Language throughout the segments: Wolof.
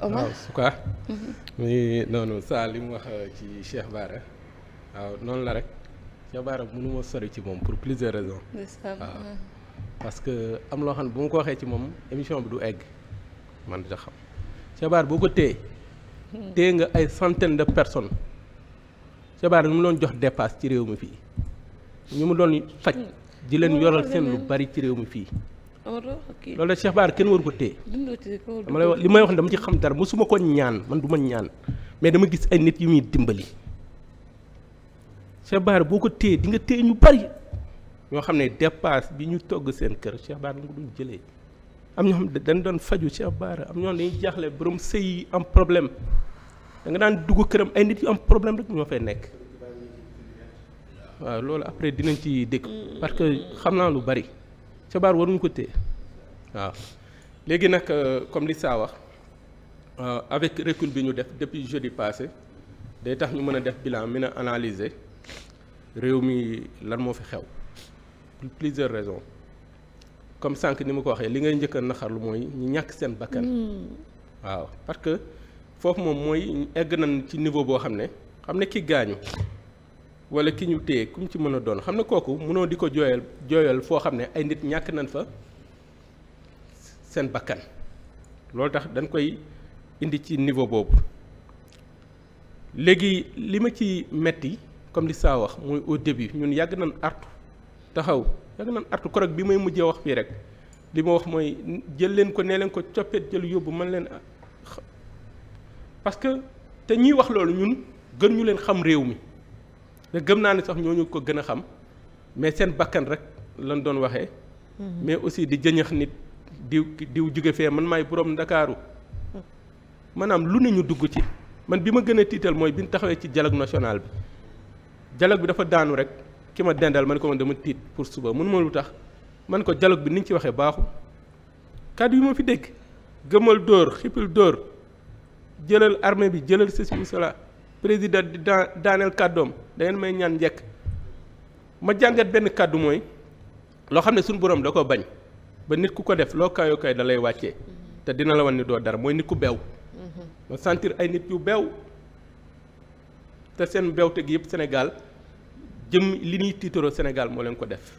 Omar waaw su muy mhm. noonu saa li mu wax euh, ci Cheikh Bara waaw noonu la rek Cheikh Bara mënuma sori ci moom pour plusieurs raisons. waaw parce que am loo xam ne bu ma ko waxee ci moom émission bi du egg man da xam Cheikh Bara boo ko téye. Mhm. téye nga ay centaines de personne Cheikh Bara ni mu doon jox dépasse ci réew mi fii ñu mu doon faj. ji mhm. leen yoral seen lu bari ci réew mi fii. loolu la Cheikh Bara kenn waru ko téye dama lay wax li may wax ne dama ci xam dara mosuma ko ñaan man du ma ñaan mais dama gis ay nit yu muy dimbali Cheikh Bara boo ko téye di nga téye ñu bari ñoo xam ne dépasse bi ñu togg seen kër Cheikh Bara jëlee am ñoo dañ doon faju Cheikh Bara am ñoo xam dañuy jaaxle borom sëy am problème danga daan dugg këram ay nit yu am problème rek ñoo fay nekk waaw loolu après dinañ ci dégg parce que xam naa lu bari Thiabar waruñu ko téye waaw léegi nag euh, comme li saa wax euh, avec recul bi ñu def depuis jeudi passé day tax ñu mën a def bilan mën a analyser réew mi lan moo fi xew plusieurs raisons comme sànq ni ma ko waxee li ngay njëkk a naxarlu mooy ñu ñàkk seen bakkan hmm. waaw parce que foofu moom mooy egg na ci niveau boo xam ne xam ne kii gaañu wala ki ñu téye ku mu ci mën a doon xam ne kooku mënoo di ko jooyal jooyal foo xam ne ay nit ñàkk nañ fa seen bakkan loolu tax dañ koy indi ci niveau boobu léegi li ma ci metti comme li saa wax muy au début ñun yàgg nañ artu taxaw yàgg nañ artu korog bi may mujjee wax fii rek li ma wax mooy jël leen ko nee leen ko coppet jël yóbbu man leen parce que te ñiy wax loolu ñun gën ñu leen xam réew mi te gëm naa ni sax ñoo ñu ko gën a xam mais seen bakkan rek lan doon waxee. Mm-hmm. mais aussi di jëñax nit diw diw jóge fee man maay borom ndakaaru maanaam lu ne ñu dugg ci man bi ma gën a tiital mooy bi taxawee ci dialogue national bi dialogue bi dafa daanu rek ki ma dendal man ko man dama tiit pour suba mun ma lu tax man ko dialogue bi ni ñu ci waxee baaxul kàddu yi ma fi dégg gëmal dóor xippil dóor jëlal armée bi jëlal ceci ou président di daaneel kàddoom da may ñaan njëkk ma jàngat benn kàddu mooy loo xam ne suñ borom da ko bañ ba nit ku ko def loo kaayoo kaay dalay lay wàccee mm-hmm. te dina la wan ni doo dara mooy nit ku beew mm-hmm. ma sentir ay nit yu beew te seen beewte yëpp Sénégal jëm li ñuy tiitaroo Sénégal moo ko def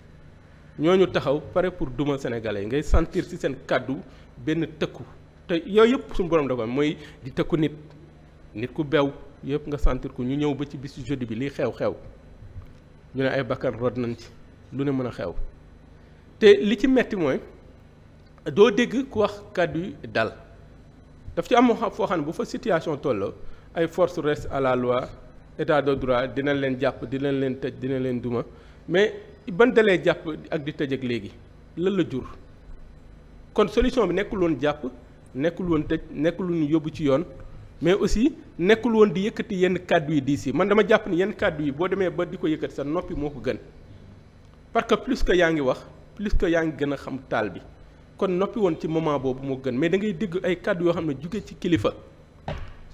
ñooñu taxaw pare pour duma sénégalais ngay sentir ci seen kàddu benn tëkku te yooyu yëpp suñu borom da ko mooy di tëkku nit nit ku beew yëpp nga sentir ko ñu ñëw ba ci bisu jeudi bi lii xew-xew ñu ne ay bakkan rod nañ ci lu ne mën a xew te li ci metti mooy doo dégg ku wax kàddu dal daf ci am foo xam ne bu fa situation tolloo ay force reste à la loi état de droit dinañ leen jàpp dinañ leen tëj dina leen duma mais ban dalee jàpp ak di tëj ak léegi lan la jur kon solution bi nekkul woon jàpp nekkul woon tëj nekkul woon yóbbu ci yoon mais aussi nekkul woon di yëkkati yenn kàddu yi diis yi man dama jàpp ni yenn kàddu yi boo demee ba di ko yëkkati sa noppi moo ko gën parce que plus que yaa ngi wax plus que yaa ngi gën a xam taal bi kon noppi woon ci moment boobu moo gën mais da ngay dégg ay kàddu yoo xam ne jóge ci kilifa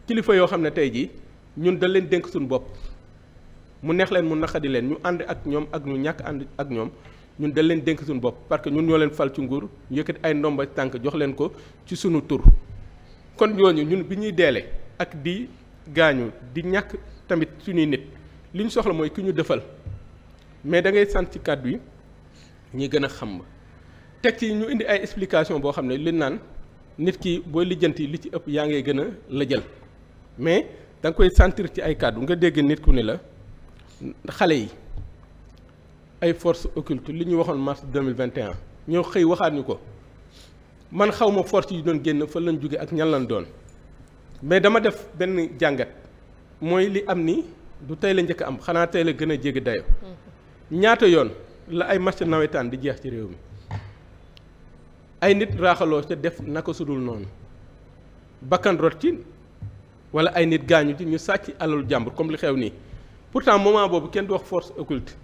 kilifa yoo xam ne tey jii ñun da leen dénk suñu bopp mu neex leen mu naqadi leen ñu ànd ak ñoom ak ñu ñàkk ànd ak ñoom ñun dal leen denk suñu bopp parce que ñun ñoo leen fal ci nguur ñu ay ndomba tànk jox leen ko ci suñu tur kon ñooñu ñun bi ñuy deele ak di gaañu di ñàkk tamit suñuy nit li ñu soxla mooy ki ñu defal mais da ngay sant ci kàddu yi ñi gën a xam teg ci ñu indi ay explication boo xam ne li naan nit ki booy lijjanti li ci ëpp yaa ngay gën a la jël mais da koy sentir ci ay kàddu nga dégg nit ku ni la xale yi ay forces occultes li ñu waxoon mars 2021 ñoo xëy waxaat ñu ko man xaw ma force yi doon génn fa lañ jóge ak ñan lañ doon mais dama def benn jàngat mooy li am ni du tey la njëkk am xanaa tey la gën a jéggi dayo mm-hmm. ñaata yoon la ay match nawetaan di jeex ci réew mi ay nit raaxaloo ca def naka sudul noonu bakkan rot ci ay nit gaañu ci ñu sàcc alalu jàmbur comme li xew nii pourtant moment boobu kenn du wax force occulte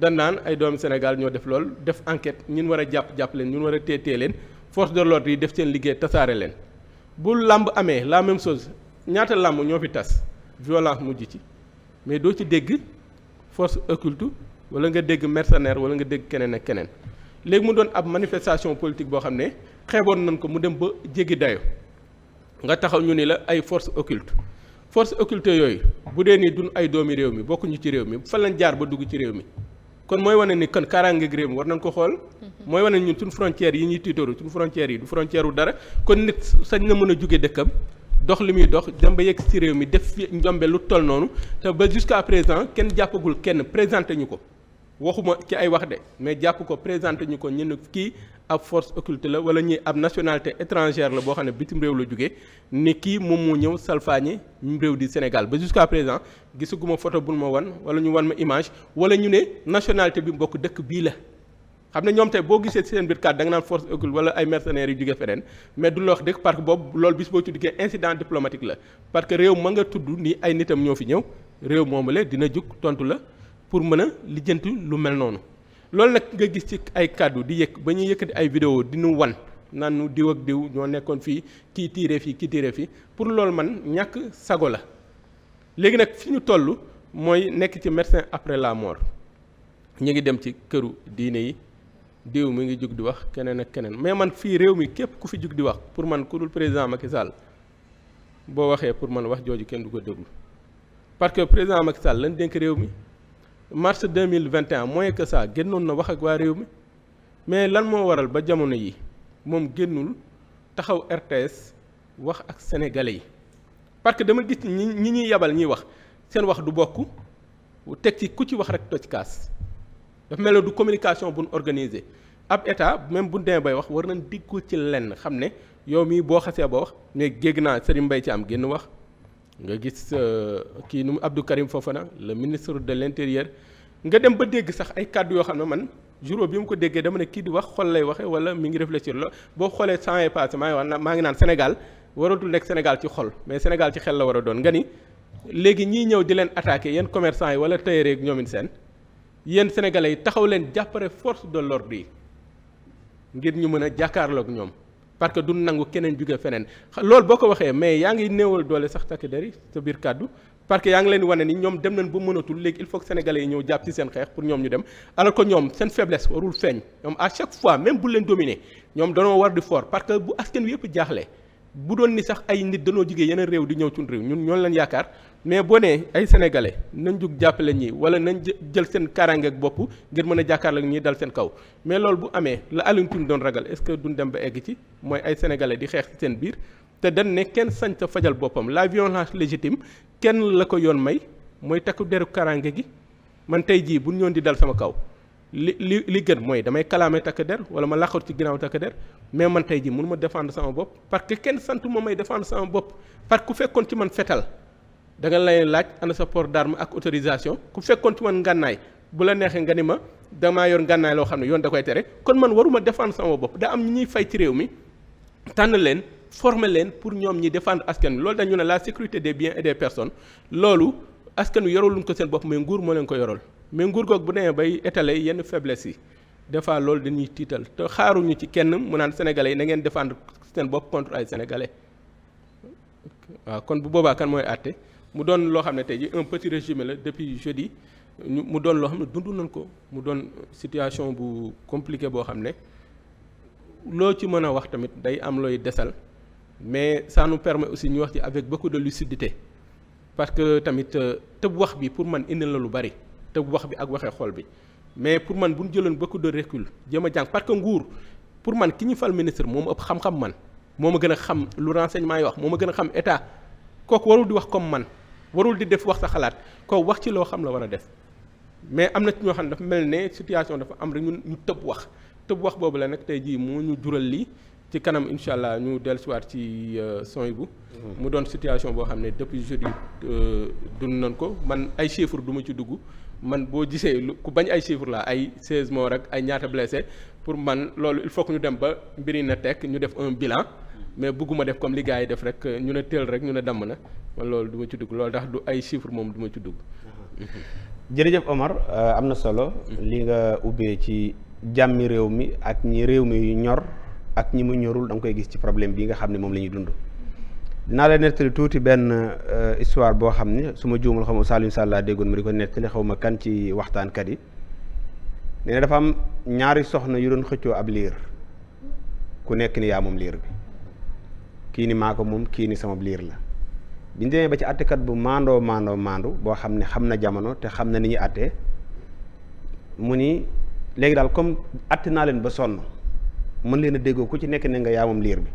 dañ naan ay doom Sénégal ñoo def lool def enquête ñun war a jàpp jàpp leen ñun war a téetee leen force de l'ordre yi def seen liggéey tasaare leen bu làmb amee la même chose ñaata làmb ñoo fi tas violence mujj ci mais doo ci dégg force occulte wala nga dégg mercenaire wala nga dégg keneen ak keneen léegi mu doon ab manifestation politique boo xam ne xeeboon nañ ko mu dem ba jéggi dayo nga taxaw ñu ni la ay force occulte force occulte yooyu bu dee ni ay doomi réew mi bokkuñu ci réew mi fan lañ jaar ba dugg ci réew mi kon mooy wane ni kon kaaraange réew mi war nañ ko xool mhm. mooy wane ni ñun suñu frontières yi ñuy tiitaru suñu frontières yi du frontière wu dara kon nit sañ na mën a jóge dëkkam dox li muy dox dem ba ci réew mi def fi njombe lu toll noonu te ba jusqu'à présent kenn jàppagul kenn présenté ñu ko waxuma ci ay wax de mais jàpp ko présenté ñu ko ñenn kii ab force occulte la wala ñu ab nationalité étrangère la boo xam ne bitim réew la jóge ni kii moom moo ñëw salfaañi réew di Sénégal ba jusqu'à présent gisuguma photo bul ma wan wala ñu wan ma image wala ñu ne nationalité bi mbokk dëkk bii la xam ne ñoom tey boo gisee seen biir carte da nga force occulte wala ay mercenaires yu jóge feneen mais du la wax dëkk parce que boobu loolu bis boo ci duggee incident diplomatique la parce que réew ma nga ay nitam ñoo fi ñëw réew moomale dina jug tontu la pour mën a lijjanti lu mel noonu loolu nag nga gis ci ay kàddu di yëkk ba ñuy yëkkati ay video di nu wan naa nu diw ak diw ñoo nekkoon fii kii tiire fii kii tiire fii pour lool man ñàkk sago la léegi nag fi ñu toll mooy nekk ci médecin après la mort ñu ngi dem ci këru diine yi diw mi ngi jug di wax keneen ak keneen mais man fii réew mi képp ku fi jug di wax pour man ku dul président Macky Sall boo waxee pour man wax jooju kenn du ko déglu parce que président Macky Sall dénk réew mi mars deux mille vingt et un moins que ça génnoon na wax ak waa réew mi mais lan moo waral ba jamono yi moom génnul taxaw RTS wax ak sénégalais yi parce que dama gis ñi ñi ñuy yabal ñuy wax seen wax du bokk teg ci ku ci wax rek toj kaas dafa mel ne du communication bu nu organisé ab état même bu demee bay wax war nañ diggu ci lenn xam ne yow mii boo xasee ba wax mais géeg naa Serigne mbay ci am génn wax. nga gis euh, kii nu mu Abdou Karim Fofana le ministre de l'intérieur nga dem ba dégg sax ay kàddu yoo xam ne man juróom bi mu ko déggee dama ne kii di wax xol lay waxee wala mi ngi réfléchir la boo xoolee temps est passé maa ngi wax maa ngi naan Sénégal waratul nekk Sénégal ci xol mais Sénégal ci xel la war a doon nga ni léegi ñiy ñëw di leen attaqué yéen commerçant yi wala tailleur yeeg ñoomin seen yéen sénégalais yi taxaw leen jàppale force de l'ordre yi ngir ñu mën a jàkkaarloog ñoom parce que du nangu keneen jóge feneen loolu boo ko waxee mais yaa ngi néewal doole sax takk der yi sa biir kàddu parce que yaa ngi leen di wane ni ñoom dem nañ ba mënatul léegi il faut que sénégalais yi ñëw jàpp ci seen xeex pour ñoom ñu dem alors que ñoom seen faiblesse warul feeñ ñoom à chaque fois même bu leen dominer ñoom danoo war di fort parce que bu askan wi yëpp jaaxle bu doon ni sax ay nit dañoo jugee yeneen réew di ñëw cun réew ñun ñoo leen yaakaar mais boo nee ay sénégalais nañ jug jàppale ñii wala nañ jël seen kaaraange ak bopp ngir mën a jàkkaarloo ñii dal seen kaw mais loolu bu amee la Alioune Tine doon ragal est-ce que duñ dem ba egg ci mooy ay sénégalais di xeex ci seen biir te dañ ne kenn sañ sa fajal boppam la violence légitime kenn la ko yoon may mooy takku deru kaaraange gi man tey jii bu ñoon di dal sama kaw li li li gën mooy damay kalaame takk der wala ma laqatu ci ginnaaw takk der mais man tey ji mënu ma défendre sama bopp parce que kenn santu ma may défendre sama bopp parce que ku fekkoon ci man fetal da nga lay sa port d'arme ak autorisation ku fekkoon ci man ngànnaay bu la neexee nga ni ma damaa yor ngànnaay loo xam ne yoon da koy tere kon man waruma défendre sama bopp da am ñi ñuy fay ci réew mi tànn leen former leen pour ñoom ñi défendre askan wi loolu dañu ne la sécurité des biens et des personnes loolu askan wi yoroluñ ko seen bopp mais nguur moo leen ko yorol mais nguur googu bu nee bay yi yenn faiblesse yi des fois loolu dañuy tiital te xaaruñu ci kenn mu naan sénégalais yi na ngeen défendre seen bopp contre ay sénégalais waaw kon bu boobaa kan mooy àtte mu doon loo xam ne tey ji un petit régime la depuis jeudi ñu mu doon loo xam ne dund nañ ko mu doon situation bu compliqué boo xam ne loo ci mën a wax tamit day am looy desal mais ça nous permet aussi ñu wax ci avec beaucoup de lucidité parce que tamit euh, tëb wax bi pour man indil la lu bari. te wax bi ak waxee xol bi mais pour man bu ñu jëloon beaucoup de recul jëm a jàng parce que nguur pour man ki ñu fal ministre moom ëpp xam-xam man moo ma gën a xam lu renseignement yi wax moo ma gën a xam état kooku warul di wax comme man warul di def wax sa xalaat kooku wax ci loo xam la war a des mais am na ci ñoo xam ne dafa mel ne situation dafa am rek ñun ñu tëb wax tëb wax boobu la nag tey jii moo ñu jural lii ci kanam incha allah ñu dellusiwaat ci euh, son bu mm-hmm. mu doon situation boo xam ne depuis jeudi euh, dund nañ ko man ay chiffres du ma ci dugg. man boo gisee lu ku bañ ay chiffres la ay 16 rek ay ñaata blessé pour man loolu il faut ñu dem ba mbiri na tekk ñu def un bilan mais bëgguma def comme li gars yi def rek ñu ne teel rek ñu ne damm na man loolu duma ci dugg loolu tax du ay chiffres moom duma ci dugg. jërëjëf Omar euh, am na solo. Mm-hmm. li nga ubbee ci jàmmi réew mi ak ñi réew mi ñor ak ñi mu ñorul da koy gis ci problème bi nga xam ne moom la ñuy dund. dinaa la nettali tuuti benn euh, histoire boo xam ne su ma juumul xaw ma Saliou Sall laa déggoon mu di ko nettali xaw ma kan ci waxtaankat yi nee na dafa am ñaari soxna yu doon xëccoo ab liir ku nekk ni yaa moom liir bi kii ni maa ko moom kii ni sama liir la biñ demee ba ci àttekat bu maandoo maandoo maandu boo xam ne xam na jamono te xam na ni ñuy àttee mu ni léegi daal comme àtte naa leen ba sonn mën leen a déggoo ku ci nekk ne nga yaa liir bi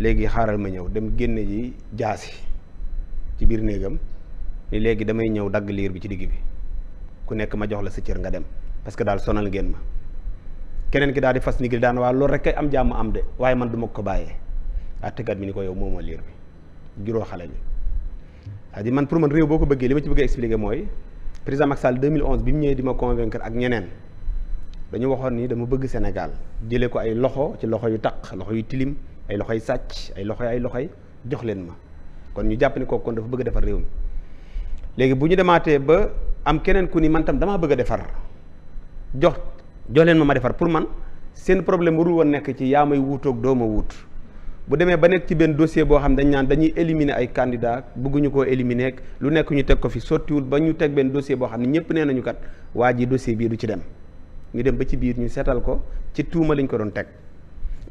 léegi xaaral ma ñëw dem génne ji jaasi ci biir néegam ni léegi damay ñëw dagg liir bi ci digg bi ku nekk ma jox la sa cër nga dem parce que daal sonal ngeen ma keneen ki daal di fas ni daan waa loolu rek kay am jàmm am de waaye man du ma ko bàyyee àttekat bi ni ko yow moomoo liir bi juróo xale bi cest man pour man réew boo ko bëggee li ma ci bëgg a expliquer mooy président Macky Sall 2011 bi mu ñëwee di ma convaincre ak ñeneen dañu waxoon ni dama bëgg Sénégal jëlee ko ay loxo ci loxo yu taq loxo yu tilim ay loxo loxoy sàcc ay loxoy ay loxoy jox leen ma kon ñu jàpp ne kooku kon dafa bëgg a defar réew mi léegi bu ñu demaatee ba am keneen ku ni man tam damaa bëgg a defar jox jox leen ma ma defar pour man seen problème warul woon nekk ci yaa may wuutoog doo ma wuut bu demee ba nekk ci benn dossier boo xam dañ naan dañuy éliminer ay candidats bëgguñu koo éliminer lu nekk ñu teg ko fi sottiwul ba ñu teg benn dossier boo xam ne ñëpp nee nañu kat waa ji dossier bii du ci dem ñu dem ba ci biir ñu seetal ko ci tuuma lañ ko doon teg.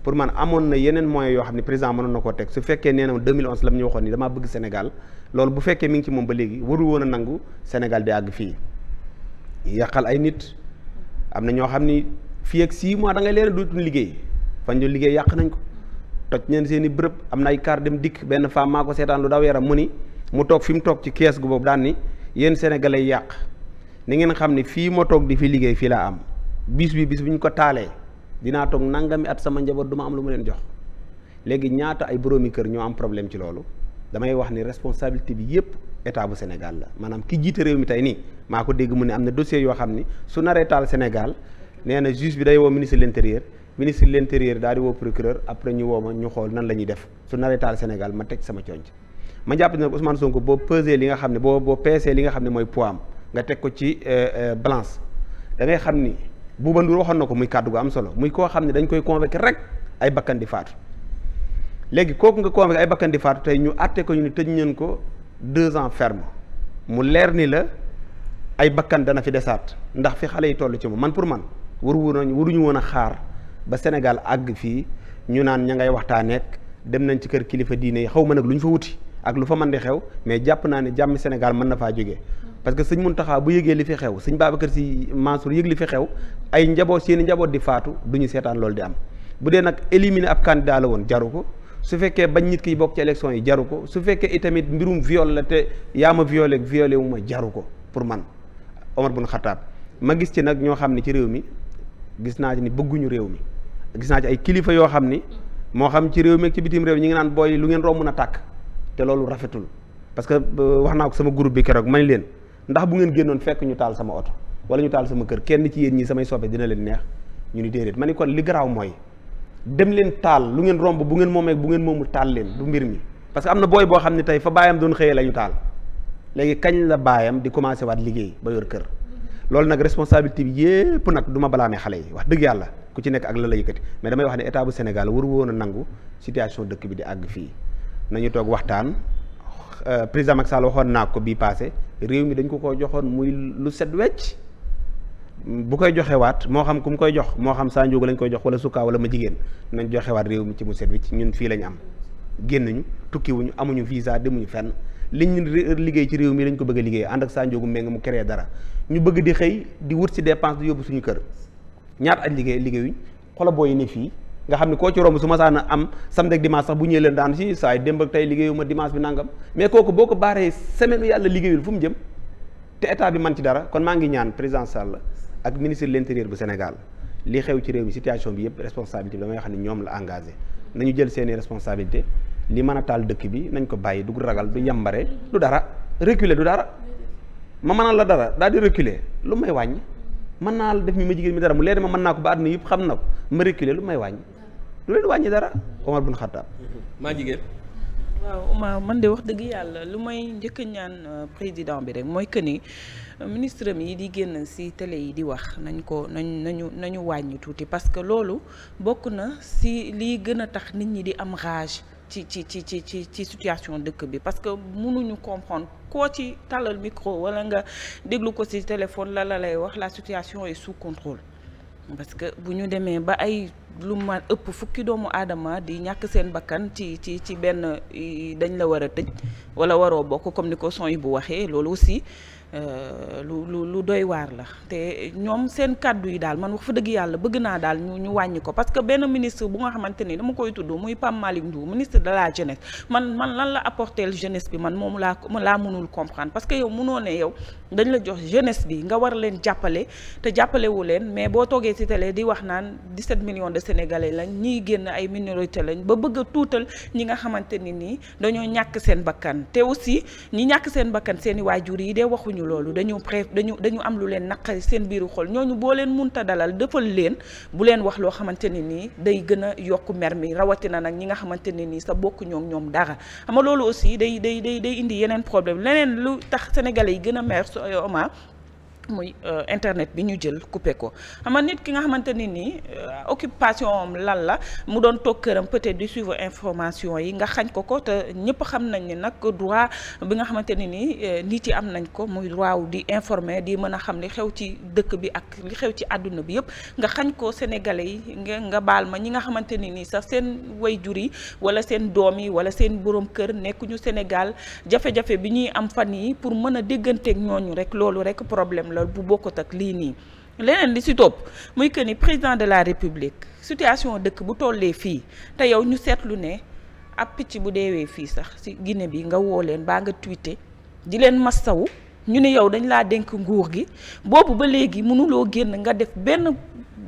pour man amoon na yeneen moyens yoo xam ne président mënoon na koo teg su fekkee nee na 2011 la mu ñu waxoon ni damaa bëgg Sénégal loolu bu fekkee mi ngi ci moom ba léegi waru woon a nangu senegal di àgg fii yàqal ay nit am na ñoo xam ni fii ak 6 mois da ngay leen dootuñu liggéey fañ ñu liggéey yàq nañ ko toj neen seen i bërëb am na ay kaar dem dikk benn femme maa ko seetaan lu daw yaram mu ni mu toog fi mu toog ci kees gu boobu daan ni yéen sénégalais yàq ni ngeen xam ni fii moo toog di fi liggéey fii laa am bis bi bis bu ñu ko taalee dinaa toog mi at sama njaboot du ma am lu ma leen jox léegi ñaata ay boroomi kër ñoo am problème ci loolu damay wax ni responsabilité bi yépp état bu Sénégal la maanaam ki jiite réew mi tey nii maa ko dégg mu ne am na dossier yoo xam ni su naree taal Sénégal nee na juge bi day woo ministre de l'intérieur ministre de l'intérieur daal di woo procureur après ñu woo ma ñu xool nan la ñuy def su naree taal Sénégal ma teg sama conc ma jàpp ne nag Ousmane Sonko boo pesé li nga xam ne boo boo peesee li nga xam ne mooy poids am nga teg ko ci euh, euh, balance da xam ni. Bouba Ndour waxoon na ko muy kàddu gu am solo muy koo xam ne dañ koy convaincre rek ay bakkan di faatu léegi kooku nga convaincre ay bakkan di faatu tey ñu àtte ko ñu ne tëj ñeen ko deux ans ferme mu leer ni la ay bakkan dana fi desaat ndax fi xale yi tollu ci moom man pour man waru nañ waruñu woon a xaar ba Sénégal àgg fii ñu naan ña ngay waxtaaneek dem nañ ci kër kilifa diine yi xaw ma nag lu ñu fa wuti ak lu fa mën di xew mais jàpp naa ne jàmm Sénégal mën na faa jóge parce que sëñ Muntaxa bu yëgee li fi xew sëñ Babacar Si Mansour yëg li fi xew ay njaboot seeni njaboot di faatu du ñu seetaan loolu di am bu dee nag éliminer ab candidat la woon jaru ko su fekkee bañ nit ki bokk ci élection yi jaru ko su fekkee itamit mbirum viol la te yaa ma violé violé wu jaru ko pour man Omar bun Xataab ma gis ci nag ñoo xam ne ci réew mi gis naa ci ni bëgguñu réew mi gis naa ci ay kilifa yoo xam ni moo xam ci réew mi ak ci réew ñi ngi naan booy lu ngeen romb na tàkk te loolu rafetul parce que euh, wax naa ko sama groupe bi keroog man leen ndax bu ngeen génnoon fekk ñu taal sama oto wala ñu taal sama kër kenn ci yéen ñi samay soppe dina leen neex ñu ni déedéet ma kon li garaaw mooy dem leen taal lu ngeen romb bu ngeen moomee bu ngeen moomul taal leen du mbir mi parce que am na booy boo xam ne tey fa baayam doon xëyee la ñu taal léegi kañ la baayam di commencé waat liggéey ba yor kër loolu nag responsabilité bi yépp nag du ma balaamee xale yi wax dëgg yàlla ku ci nekk ak la la yëkkati mais damay wax ne état bu Sénégal waru woon a nangu situation bi di àgg fii nañu toog waxtaan Euh, président Macky Sall waxoon naa ko bii passé réew mi dañ ko ko joxoon muy lu set wecc bu koy joxewaat moo xam ku mu koy jox moo xam saa njóogu lañ koy jox wala sukkaa wala ma jigéen nañ joxewaat réew mi ci mu set wecc ñun fii lañ am génnuñu tukkiwuñu amuñu visa demuñu fen liñ ñu liggéey ci réew mi dañ ko bëgg a liggéey ànd ak saa njóogu meng mu créé dara ñu bëgg di xëy di wut si dépense di yóbbu suñu kër ñaata at liggéey liggéeyuñ xola booyi ne fii nga xam ne koo ci romb su ma saan a am samedi ak dimanche sax bu ñëwee leen daan si saa yi démb ak tey liggéeyu ma dimanche bi nangam mais kooku boo ko baaree semaine yàlla liggéeyul fu mu jëm te état bi man ci dara kon maa ngi ñaan président Sall ak ministre de l'intérieur bu Sénégal li xew ci réew mi situation bi yëpp responsabilité bi damay xam ne ñoom la engagé nañu jël seeni responsabilité li mën a taal dëkk bi nañ ko bàyyi du ragal du yambare du dara reculer du dara ma mënal la dara daal di reculer lu may wàññi mën naa la def mi ma jigéen mi dara mu leer ma mën naa ko ba àdduna yëpp xam na ko ma reculer lu may wàññi lu leen wàññi dara Omar bun Xattaab mhm. maa jigéen waaw Omar man de wax dëgg yàlla lu may njëkk a ñaan euh, président bi rek mooy que ni euh, ministre yi di génn si télé yi di wax nañ ko nañ nañu nañu wàññi tuuti parce que loolu bokk na si lii gën a tax nit ñi di am rage ci ci ci ci ci ci situation dëkk bi parce que mënuñu comprendre koo ci tàllal micro wala nga déglu ko ci téléphone la la lay wax la situation est sous contrôle parce que bu ñu demee ba ay lu ma ëpp fukki doomu aadama di ñàkk seen bakkan ci ci ci benn dañ la war a tëj wala waroo bokk comme ni ko son yi bu waxee loolu aussi Euh, lu lu doy waar la te ñoom seen kàddu yi daal man wax fa dëgg yàlla bëgg naa daal ñu ñu wàññi ko parce que benn ministre bu nga xamante ni dama koy tudd muy Pape Malick Ndour ministre de la jeunesse man man lan la apporter jeunesse bi man moom laa laa mënul comprendre parce que yow mënoo ne yow dañ la jox jeunesse bi nga war leen jàppale te jàppalewu leen mais boo toogee ci télé di wax naan 17 millions de sénégalais lañ ñiy génn ay minorité lañ ba bëgg a tuutal ñi nga xamante ni nii dañoo ñàkk seen bakkan te aussi seen bakkan seen i waajur yi waxuñu loolu dañu pré dañu dañu am lu leen naqari seen biiru xol ñooñu boo leen munta dalal dëppal leen bu leen wax loo xamante ne nii day gën a yokk mer mi rawatina nag ñi nga xamante ne nii sa bokk ñoom ñoom dara xam nga loolu aussi day day day day indi yeneen problème leneen lu tax sénégalais yi gën a mer oma muy euh, internet bi ñu jël coupé ko xam nga nit ki nga xamante ne nii euh, occupation am lan la mu doon toog këram peut-être di suivre information yi nga xañ ko ko te ñëpp xam nañ ne nag droit bi nga xamante ne nii euh, nit yi am nañ ko muy droit di informer di mën a xam li xew ci dëkk bi ak li xew ci àdduna bi yëpp nga xañ ko sénégalais yi nga nga baal ma ñi nga xamante ne nii sax seen wayjur yi wala seen doom yi wala seen borom kër nekkuñu Sénégal jafe-jafe bi ñuy am fan yi pour mën a dégganteeg ñooñu rek loolu rek problème la. alal bu bokkut ak lii nii leneen li si topp muy que ni président de la république situation dëkk bu tollee fii te yow ñu seetlu ne ab picc bu deewee fii sax si Guinée bi nga woo leen baa nga tweeté di leen massawu ñu ni yow dañ laa dénk nguur gi boobu ba léegi mënuloo génn nga def benn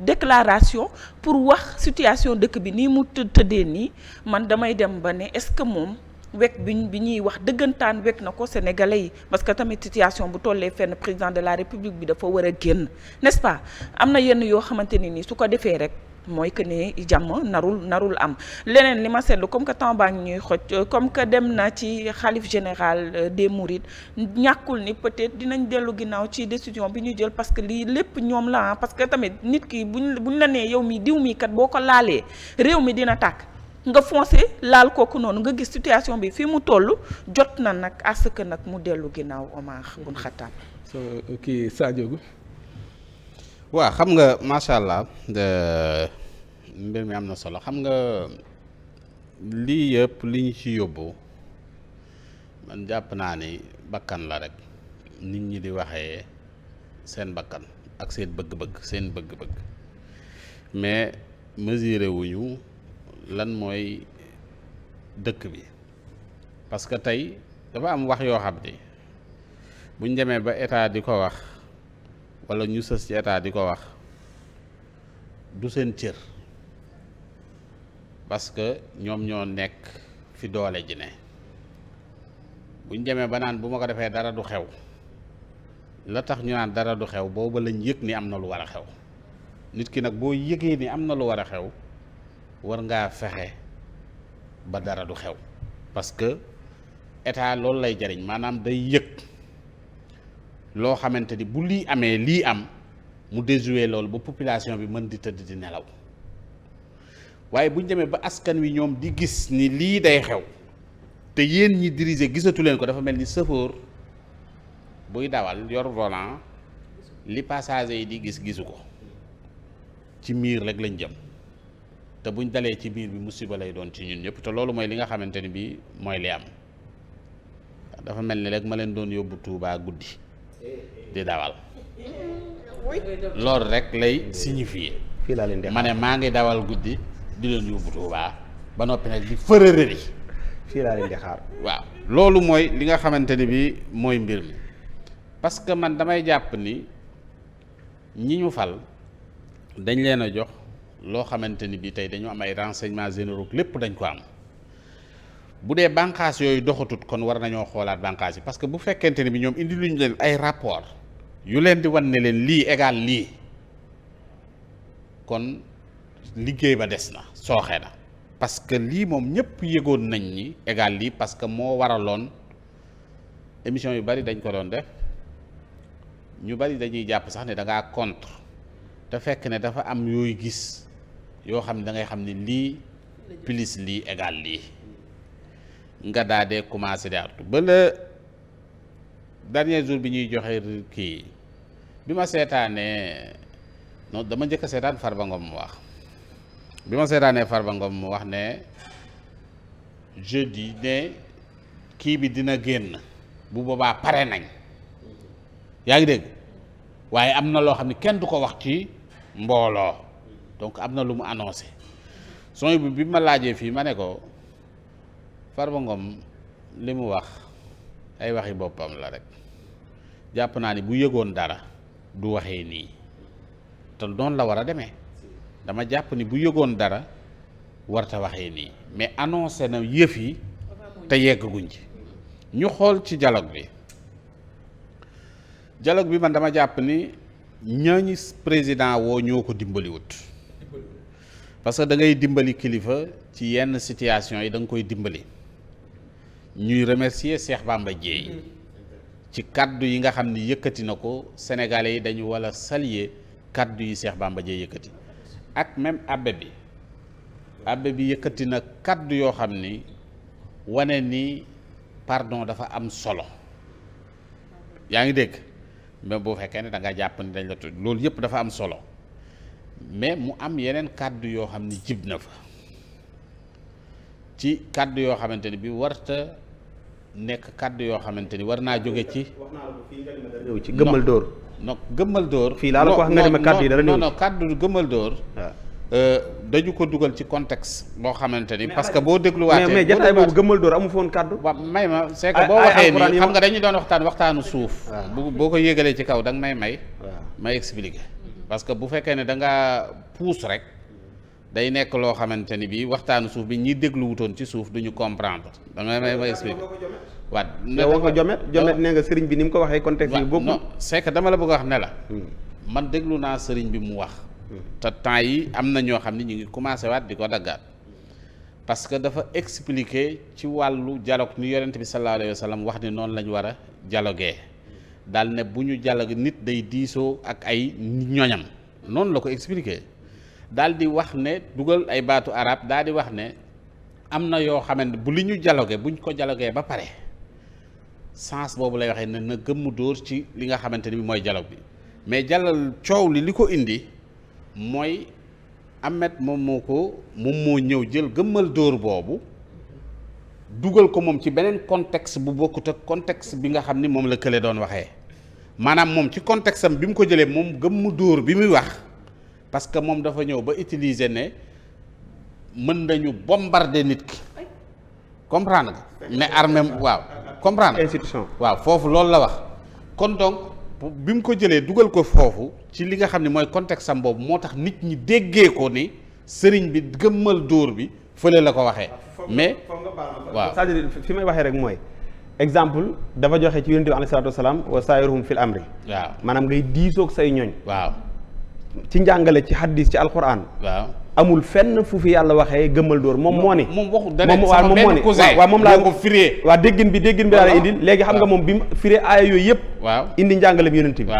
déclaration pour wax situation dëkk bi nii mu tëddee nii man damay dem ba ne est-ce que moom wekk bi bi ñuy wax dëggantaan wekk na ko sénégalais yi parce que tamit situation bu tollee fenn président de la république bi dafa war a génn n'est-ce pas am na yenn yoo xamante ne nii su ko defee rek mooy que ne jàmm narul narul am leneen li ma seetlu comme que temps baa ngi ñuy xoj euh, comme que dem na ci xalif général euh, de mourides ñàkkul ni peut-être dinañ dellu ginnaaw ci décision bi ñu jël parce que lii lépp ñoom la ah, parce que tamit nit ki bu buñ la nee yow mi diw mii kat boo ko laalee réew mi dina tàkk nga foncé laal kooku noonu nga gis situation bi fi mu toll jot na nag à nag mu dellu ginnaaw Omar bun Xattaab. so uh, kii Sadio Gu. waa xam nga macha allah mbir mi am na solo xam nga lii yëpp li ñu ci yóbbu man jàpp naa ni bakkan la rek nit ñi di waxee seen bakkan ak seen bëgg-bëgg seen bëgg-bëgg mais mesuré lan mooy dëkk bi parce que tey dafa am wax yoo xam ni buñ demee ba état di ko wax walla ñu sës ci état di ko wax du seen cër parce que ñoom ñoo nekk fi doole ji ne buñ demee ba naan bu ma ko defee dara du xew la tax ñu naan dara du xew booba lañ yëg ni am na lu war a xew nit ki nag boo yëgee ni am na lu war a xew war ngaa fexe ba dara du xew parce que état loolu lay jariñ maanaam day yëg loo xamante ni bu lii amee lii am mu déjouer loolu ba population bi mën di tëdd di nelaw waaye bu ñu demee ba askan wi ñoom di gis ni lii day xew te yéen ñi diriger gisatu leen ko dafa mel ni sëfoor buy dawal yor volant li passager yi di gis gisu ko ci miir rek lañ jëm te buñ dalee ci biir bi musiba lay doon ci ñun ñëpp te loolu mooy li nga xamante ni bii mooy li am dafa mel ni rek ma leen doon yóbbu Touba guddi di dawal loolu rek lay signifier ma ne maa ngi dawal guddi di leen yóbbu Touba ba noppi nag di fërërëri fii laa waaw loolu mooy li nga xamante ni bii mooy mbir mi parce que man damay jàpp ni ñi ñu fal dañ leen a jox loo xamante ni bii tey dañu am ay renseignements généroog lépp dañ ko am bu dee bànqaas yooyu doxatut kon war nañoo xoolaat bànqaas yi parce que bu fekkente ni bi ñoom indi luñu leen ay rapport yu leen di wan ne leen lii égal lii kon liggéey ba des na sooxe na parce que lii moom ñëpp yëgoon nañ ni égal lii parce que moo waraloon émission yu bari dañ ko doon def ñu bari dañuy jàpp sax ne da ngaa contre te fekk ne dafa am yooyu gis yoo xam ne dangay xam ne lii plus lii égal lii nga daa dee commencé di artu ba le dernier jour bi ñuy joxe kii bi ma seetaanee non dama njëkk a seetaan Farba Ngom mu wax bi ma seetaanee Farba Ngom mu wax ne jeudi ne kii bi dina génn bu boobaa pare nañ yaa ngi dégg waaye am na loo xam ne kenn du ko wax ci mbooloo donc am na lu mu annoncé son bi bi ma laajee fii ma ne ko Farba ngoom li mu wax ay waxi boppam la rek jàpp naa ni bu yëgoon dara du waxee nii te doon la war a demee dama jàpp ni bu yëgoon dara war warta waxee nii mais annoncé na yëf yi te yeggaguñ ci ñu xool ci dialogue bi dialogue bi man dama jàpp ni ñooñu président woo ñoo ko dimbaliwut parce que da ngay dimbali kilifa ci yenn situation yi da nga koy dimbali ñuy remercier Cheikh Bamba Dièye ci kaddu yi nga xam ni yëkkati na ko sénégalais yi dañu war a saluer kaddu yi Cheikh Bamba Dièye yëkkati ak même abbé bi abbé bi yëkkati na kaddu yoo xam ni wane ni pardon dafa am solo yaa ngi dégg même boo fekkee ne da nga jàpp ni dañ la tudd loolu yëpp dafa am solo. mais mu am yeneen kàddu yoo xam ni jib na fa ci kàddu yoo xamante ni bi warta nekk kàddu yoo xamante ni war naa jóge ci. wax ci gëmmal dóor. non gëmmal dóor. fii laa wax nga ne ma kàddu yi dara non non kàddu gëmmal dóor. Ah. Euh, dañu ko dugal ci contexte. boo xamante ni parce ah, que boo dégluwaatee. mais mais jotaay boobu gëmmal dóor amu foon kàddu. waaw may ma c'est que boo waxee nii xam nga dañu doon waxtaan waxtaanu suuf. Ah. boo ko yégalee ci kaw danga may may. ma expliquer. parce que bu fekkee ne da ngaa puus rek day nekk loo xamante ni bii waxtaanu suuf bi ñi déglu wutoon ci suuf duñu comprendre da nga may may expliquer waaw yow wax nga jomet jomet nee nga sëriñ bi ni mu ko waxee contexte bi bokkul non c'est que dama la bëgg a wax ne la hmm. man déglu naa sëriñ bi mu wax hmm. te temps yi am na ñoo xam ne ñu ngi commencé waat di ko daggaat parce que dafa expliquer ci wàllu dialogue ñu yonent bi sallallahu alayhi wa sallam wax ni noonu la ñu war a daal ne bu ñu jàll nit day diisoo ak ay ñoñam noonu la ko expliqué daal di wax ne dugal ay baatu arab daal di wax ne am na yoo xamante bu li ñu dialogué buñ ko dialogué ba pare sens boobu lay waxee ne na gëmm dóor ci li nga xamante ni mooy dialogue bi mais jàllal coow li li ko indi mooy Ahmed moom moo ko moom moo ñëw jël gëmmal dóor boobu dugal ko moom ci beneen contexte bu bokkut ak bi nga xam ni moom la kële doon waxee maanaam moom ci contexte bi mu ko jëlee moom gëm mu dóor bi muy wax parce que moom dafa ñëw ba utiliser ne mën nañu bombarder nit ki comprendre nga ne armée waaw comprendre institution waaw foofu loolu la wax kon donc bi mu ko jëlee dugal ko foofu ci li nga xam ne mooy contexte am boobu moo tax nit ñi déggee ko ni sëriñ bi gëmmal dóor bi fële la ko waxee. Ah, mais waaw c'est-à-dire fi may waxee rek mooy. exemple dafa joxe ci yonent bi alayhi salaatu wasalaam wa saayiruhum fil amri. waaw maanaam ngay diisoog say ñooñ. waaw ci njàngale ci hadis ci alquran. waaw amul fenn fu fi yàlla waxee gëmmal dóor moom moo ni. moom waxu dana sama benn cousin waaw moom laa ko fire waaw déggin bi déggin bi daal indi. léegi xam nga moom bi mu firee aaya yooyu yëpp. waaw indi njàngale bi yonent bi.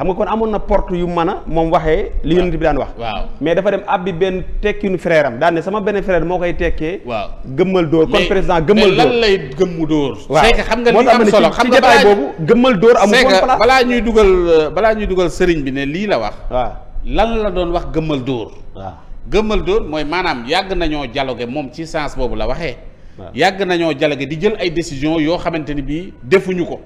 xam nga kon amoon na porte yu mën moom waxee li yonent bi daan wax waaw mais dafa dem bi benn tekkinu frère am daan ne sama benn frère moo koy tekkee waaw gëmmal dóor kon président gëmmal dóor lan lay gëmmu dóor waaw c'est xam nga li am solo xam nga jotaay boobu gëmmal dóor amul woon balaa ñuy dugal balaa ñuy dugal sëriñ bi ne lii la wax waaw lan la doon wax gëmmal dóor waaw gëmmal dóor mooy maanaam yàgg nañoo dialogué moom ci sens boobu la waxee yàgg nañoo jalage di jël ay décision yoo xamante ni bii defuñu ko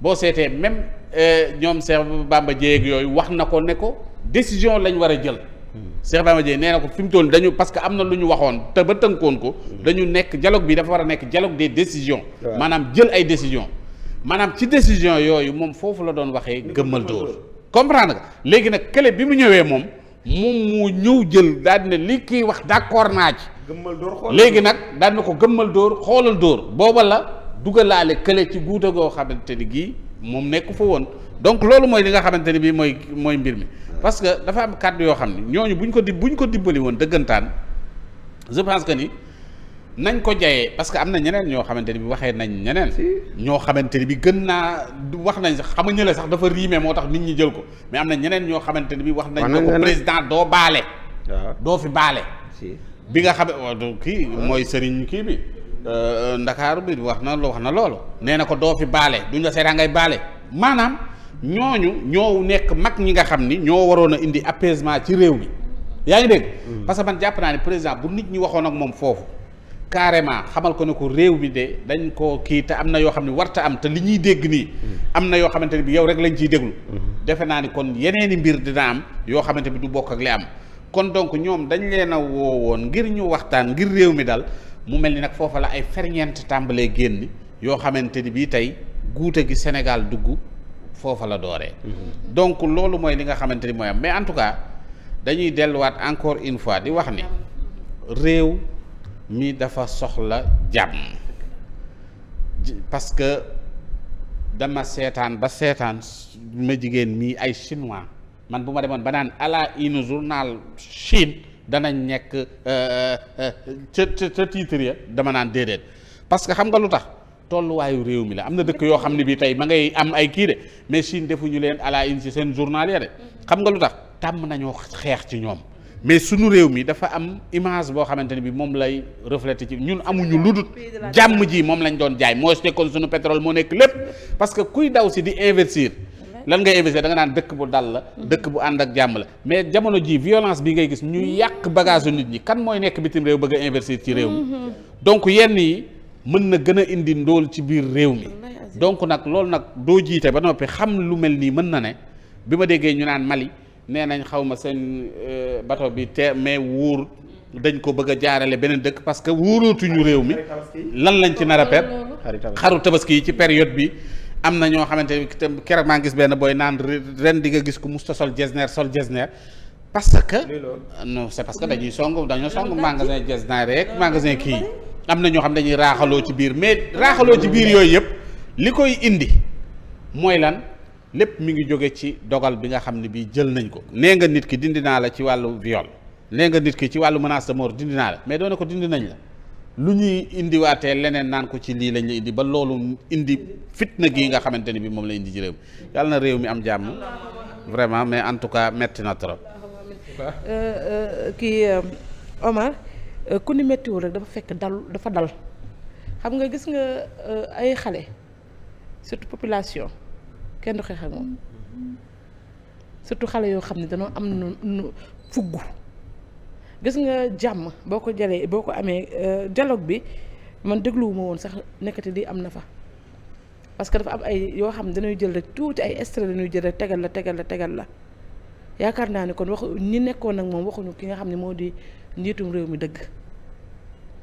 boo seetee même euh, ñoom Cheikh Bamba Dièye yooyu wax na ko ne ko décision lañ war a jël hmm. Cheikh Bamba Dièye nee na ko fi mu toll dañu parce que am na lu ñu waxoon te ba tënkoon ko hmm. dañu nekk dialogue bi dafa war a nekk dialogue de décision maanaam jël ay décision maanaam ci décision yooyu moom foofu la doon waxee gëmmal dóor comprendre nga léegi nag kële bi mu ñëwee moom moom mu ñëw jël daal li kii wax d'accord naa ci gëmmal dóor xoolal léegi nag daan na ko gëmmal dóor xoolal dóor booba la dugalaale kële ci guuta goo xamante ni gii moom nekk fa woon donc loolu mooy li nga xamante ni bii mooy mooy mbir mi. parce que dafa am kàddu yoo xam ni ñooñu bu ñu ko di bu ko dimbali woon dëggantaan je pense que ni nañ ko jayee parce que am na ñeneen ñoo xamante ni bi waxee nañ ñeneen. ñoo xamante ni bi gën naa wax nañ sax xam nga sax dafa riime moo tax nit ñi jël ko mais am na ñeneen ñoo xamante ni bi wax nañ ko président doo baale. doo fi baale. bi nga xam kii mooy sëriñ kii bi euh, ndakaaru bi wax na wax na loolu nee na ko doo fi baale duñ la seetaa ngay baale maanaam ñooñu ñoo nekk mag ñi nga xam ni ñoo waroon a indi apaisement ci réew bi yaa ngi dégg. Mm. parce que man jàpp naa ne président bu nit ñi waxoon ak moom foofu carrément xamal ko ne ko réew mi de dañ koo kii te am na yoo xam ne warta am te li ñuy dégg nii. Mm. am na yoo xamante ni bi yow rek lañ ciy déglu. Mm-hmm. defe naa ni kon yeneeni mbir dina am yoo xamante bi du bokk ak li am. kon donc ñoom dañ leen a woon ngir ñu waxtaan ngir réew mi dal mu mel ni nag foofa la ay ferñeent tàmbalee génn yoo xamante ni bii tey guute gi Sénégal dugg foofa la dooree. Mhm. donc loolu mooy li nga xamante ni mooy mais en tout cas dañuy delluwaat encore une fois di wax ni réew mi dafa soxla jàpp parce que dama seetaan ba seetaan ma jigéen mii ay chinois. man bu ma demoon ba naan à la une journal Chine danañ nekk euh, euh, euh, ca ca ca titre ya dama naan déedéet parce que xam nga lu tax tolluwaayu réew mi la am na dëkk yoo xam ne bii tey ba ngay am ay kii de mais Chine defuñu leen à la une seen journal ya de xam nga lu tax tàmm nañu xeex ci ñoom. mais suñu réew mi dafa am image boo xamante ne bi moom lay refléter ci ñun amuñu lu ludut jàmm ji moom lañ doon jaay moo nekkoon sunu pétrole moo nekk lépp parce que kuy daw si di investir. lan ngay investir da nga naan dëkk bu dal la dëkk bu ànd ak jàmm la mais jamono ji violence bi ngay gis ñu yàq bagage nit ñi kan mooy nekk bitim réew bëgg a ci réew mi mm-hmm. donc yenn yi mën na gën a indi ndool ci biir réew mi donc nag loolu nag doo jiite ba noppi xam lu mel nii mën na ne bi ma déggee ñu naan Mali nee nañ xaw ma seen euh, bato bi te mais wóor dañ ko bëgg a jaarale beneen dëkk parce que wóorootuñu réew mi lan lañ ci nar a per xaru tabaski ci période bi am na ñoo xamante ni keroog maa gis benn booy naan ren di nga gis ku musta sol jesner sol jesner parce que non c'est parce que dañuy song dañoo song magasin jesner rek magasin kii am na ñoo xam ne dañuy raaxaloo ci biir mais raaxaloo ci biir yooyu yëpp li koy indi mooy lan lépp mu ngi jóge ci dogal bi nga xam ne bii jël nañ ko nee nga nit ki dindi naa la ci wàllu viol nee nga nit ki ci wàllu menace de mort dindi naa la mais doone ko dindi nañ la lu ñuy indiwaatee leneen naan ko ci lii lañ indi ba loolu indi fitna gi nga xamante ni bi moom la indi ci réew yàlla na réew mi am jàmm vraiment mais en tout cas metti na trop. Euh, euh, kii euh, Omar ku ni méttiwul rek dafa fekk dal dafa dal xam nga gis nga ay xale surtout population kenn du xeex ak surtout xale yoo xam ne danoo am nu fugg. gis nga jàmm boo ko jalee boo ko amee euh, dialogue bi man dégluwuma woon sax nekkati di am na fa parce que dafa am ay yoo xam ne dañuy jël rek tuuti ay extrait dañuy jël rek tegal la tegal la tegal la yaakaar naa ne kon waxu ni nekkoon nag moom waxuñu ki nga xam ne moo di njiitum réew mi dëgg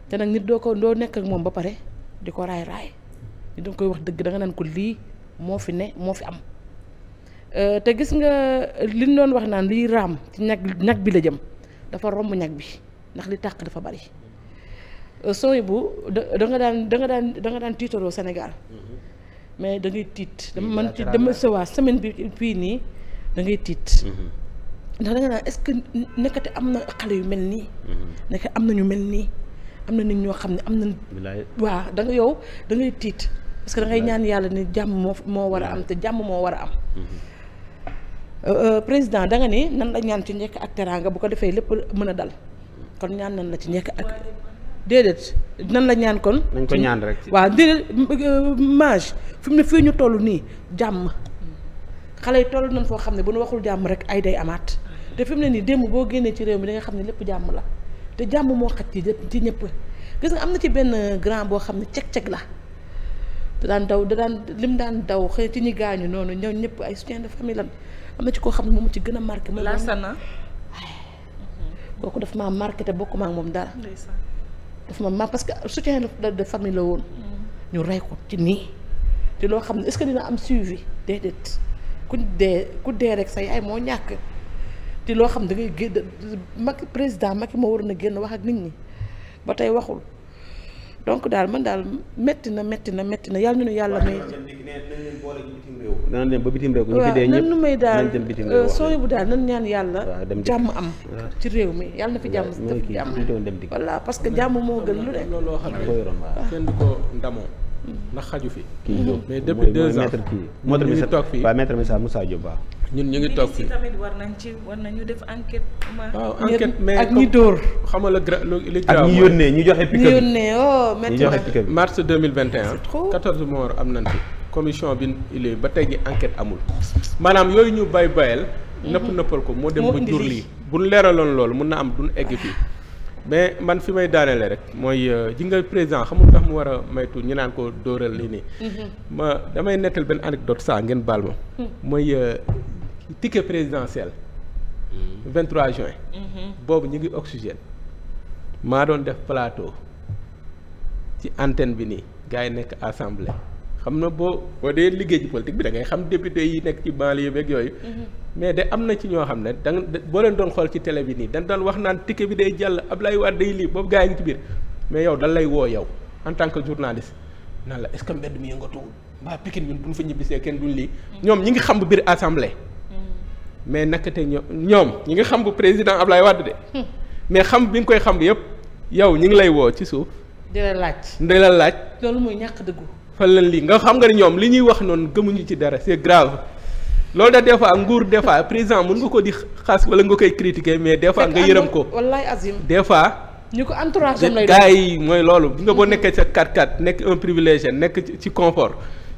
te nag nit doo ko doo nekk ak moom ba pare di ko raay raay di danga koy wax dëgg da naan ko lii moo fi ne moo fi am euh, te gis nga liñ doon wax naan liy raam ci ñag ñag bi la jëm dafa romb ñag bi ndax li tàq dafa bari euh, sooy bu da nga daan danga daan da daan tiitaroo Sénégal mm-hmm. mais da ngay tiit dama man ci dama sewaa semaine bi fii nii da ngay tiit mm-hmm. ndax da nga naan est-ce que nekkate am na xale yu mel nii mm-hmm. nekkate am na ñu mel nii am na nit ñoo xam ne am na waa danga yow da ngay tiit parce que ñaan yàlla ni jàmm moo moo war a am te jàmm moo war a am Euh, euh, président da ni nan la ñaan ci njëkk ak teraanga bu ko defee lépp mën a dal kon ñaan nan la ci njëkk ak déedéet nan la ñaan kon. nañ ko ñaan rek. waa déedéet euh, mage fi mu ne fii ñu toll nii jàmm xale yi toll nañ foo xam ne bu nu waxul jàmm rek ay day amaat te fi ne nii démb boo génnee ci réew mi da nga xam ne lépp jàmm la te jàmm moo xaj ci ci ñëpp gis nga am na ci benn grand boo xam ne ceg-ceg la. da daan daw da daan lim daan daw xëy ci ñi gaañu noonu ñëw ñëpp ay soutien de famille lan am na ci koo xam ne moom ci gën a marqué. moom laasana. kooku daf ma marqué te bokkuma ak moom dara. daf ma mar parce que su soutien de famille la woon. Mm. ñu rey ko ci nii. te loo xam ne est-ce que dina am suivi déedéet ku dee ku dee rek sa yaay moo ñàkk. te loo xam ne ngay génn Macky président Macky moo war a génn wax ak nit ñi ba tey waxul. donc daal man daal métti na métti na métti na yàlla na nu yàlla may. danañ dem ba bitim réew. ñu nan nu may daal euh, sooy bu daal nan ñaan yàlla. jàmm am. ci réew mi yàlla na fi jàmm def jàmm. voilà parce que jàmm moo gën lu ne. looloo ndax xaju fi. mais depuis deux ans mooy mooy maître kii waaw maître Missa Moussa Diop waaw. ñun ñu ngi toog fii tamit war nañ ci war nañu def enquête. waaw enquête mais ak ñi dóor. xam nga la gra li ak ñi yónnee ñu joxe pick-up bi ñi yónnee oh métti na mars deux mille vingt et un quatorze morts am nañ fi commission bi il ba tey ji enquête amul maanaam yooyu ñu bay bayal. Mhm. nëpp nëppal ko moo dem ba jur lii. bu ñu leeraloon loolu mun na am duñ egg fii. mais man fi may daaneele rek mooy euh, ji nga président xamul tax mu war a maytu ñu naan ko dóoral lii nii. Mm-hmm. ma damay nettal benn anecdote saa ngeen baal ma. Mm. mooy euh, ticket présidentiel. 23 mm. juin. Mm-hmm. boobu ñu ngi oxygène. maa doon def plateau ci antenne bi nii gars yi nekk assemblée. xam na boo boo dee liggéey ci politique bi da ngay xam député yi nekk ci banlieue beeg yooyu. Mm-hmm. mais de am na ci ñoo xam ne da boo leen doon xool ci télé bi nii dañ doon wax naan ticket bi day jàll Ablaye Wade day lii boobu gaa yi ngi ci biir mais yow dan lay woo yow en que journaliste nan la est-ce que mbedd mi yëngatuwul mbaa Pikine ñun bu ñu fa ñibbisee kenn duñ lii. Mm-hmm. ñoom ñi ngi xam bi biir assemblée. Mm-hmm. mais naka te ñoom ñoom ñi ngi xam bu président Ablaye Wade de. Hmm. mais xam bi nga koy xam yëpp yow ñi ngi lay woo ci suuf. de la laaj di la laaj. loolu mooy ñàkk dëggu. fan la lii nga xam nga ni ñoom li ñuy wax noonu gëmuñu ci dara c'est grave loolu da des fois nguur des fois président mën nga ko di xas wala nga koy critiquer mais des fois nga yërëm ko wallaay azim fois ñu ko entourage lay gars yi mooy loolu bi nga boo mm-hmm. nekkee sa 4-4 nekk un privilégié nekk ci confort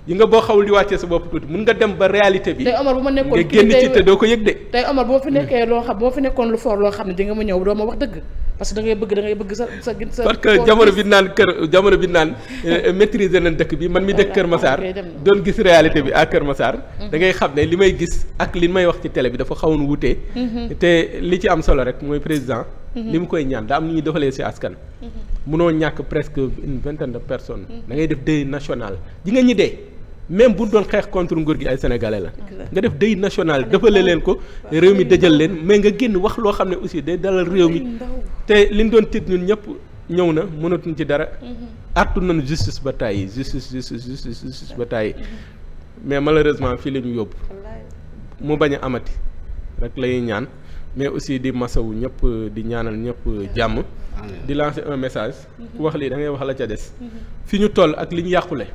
yi nga boo xawul di wàccee sa bopp tuuti mun nga dem ba réalité bi. tey Omar bu ma nekkoon nga génn ci te doo ko yëg de. tey Omar boo fi nekkee loo xam boo fi nekkoon lu for loo xam ne di nga ma ñëw doo ma wax dëgg parce que da ngay bëgg da ngay bëgg sa sa. sa parce que jamono bi naan kër jamono bi naan euh, maîtriser nañ dëkk bi man mi dëkk Kër Massar doon gis réalité bi à Kër Massar. Mhm. da ngay xam ne li may gis ak li may wax ci télé bi dafa xawoon wuute. Mhm. te li ci am solo rek mooy président. Mhm. li mu koy ñaan daa am lu ñuy defalee ci askan. munoo ñàkk presque une vingtaine de personnes. da ngay def deuil national ji nga ñi dee même bu doon xeex contre nguur gi ay sénégalais la. nga def deuil national defale leen ko réew mi dajal leen mais nga génn wax loo xam ne aussi day dalal réew mi te li liñ doon tiit ñun ñëpp ñëw na mënatuñ ci dara. na mm-hmm. nañu justice ba tàyyi justice justice justice ba tàyyi mm-hmm. mais malheureusement fii la ñu yóbbu mu bañ a amati rek lay ñaan mais aussi di masawu ñëpp di ñaanal ñëpp jàmm. di lancer un message. Mm-hmm. ku wax lii da ngay wax la ca des. fi ñu toll ak li ñu yàqule.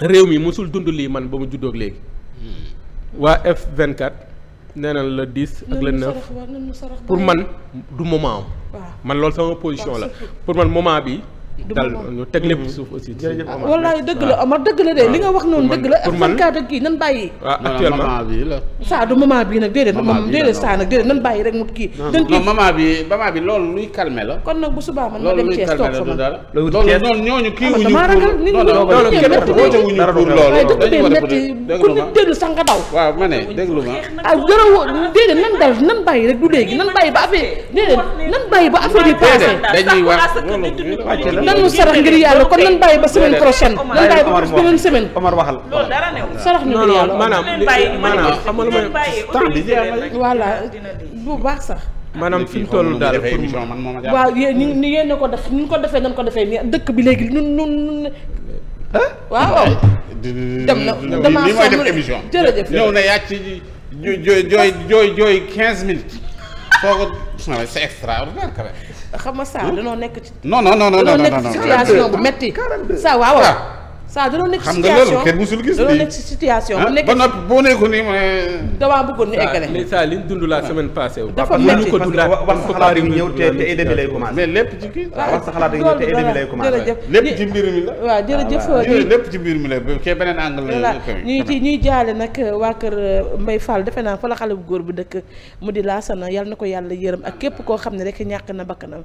réew mi mosul dund lii man ba mu juddoog léegi. waa F24 nee na la 10 ak la 9 pour man du moment am. man loolu sama position la pour man moment bi. dal ñu teg lépp suuf aussi. jërëjëf Omar wallaay dëgg la Omar dëgg la de li nga wax noonu dëgg la. pour man ak nan bàyyi. bi la. saa du maman bi nag déedéet. maman bi déedéet saa nag déedéet nan bàyyi rek mu kii. nan kii non maman bi maman bi loolu luy calmer la. kon nag bu subaa kii wuñu ah, pour loolu loolu kenn woote wuñu ku nit déglu sax nga daw. waaw ma ne déglu ma. ah dara woo nan dal nan bàyyi rek du léegi nan bàyyi ba affaire déedéet nan bàyyi ba affaire yi passé dañuy wax nan mu sarax ngir yàlla kon nan bàyyi ba semaine prochaine nan bàyyi ba beneen semaine Omar waxal sarax ñu ngir yàlla maanaam maanaam xam nga lu may voilà bu baax sax maanaam fi mu toll daal pour waaw yéen ni yéen ko def ni ko defee nan ko defee nii dëkk bi léegi nun nun waaw dem na damaa li mooy def émission jërëjëf ñëw na yàcc jooy jooy jooy jooy quinze minutes soo ko c'est extraordinaire quand même xam nga saa hmm? danoo nekk ci. non non non non non non non non non saa da doon nekk situation xam nga loolu kenn musul gis. da doon nekk situation bu ah, nekk ba noppi boo nekkoon nii mais. damaa bëggoon ñu eggale. saa li ñu laa la ah. semaine passée. dafa métti parce que ah, wax sa xalaat lépp ci kii wax sa xalaat bi lay commencé. lépp mbir mi la. waaw lépp ci mbir mi la beneen angle la. ñuy ci ñuy jaale nag euh, waa kër euh, Mbaye Fall defe naa fa xale bu góor bu dëkk mu di laasana yal na ko yàlla yërëm ak képp koo xam ne rek ñàkk na bakkanam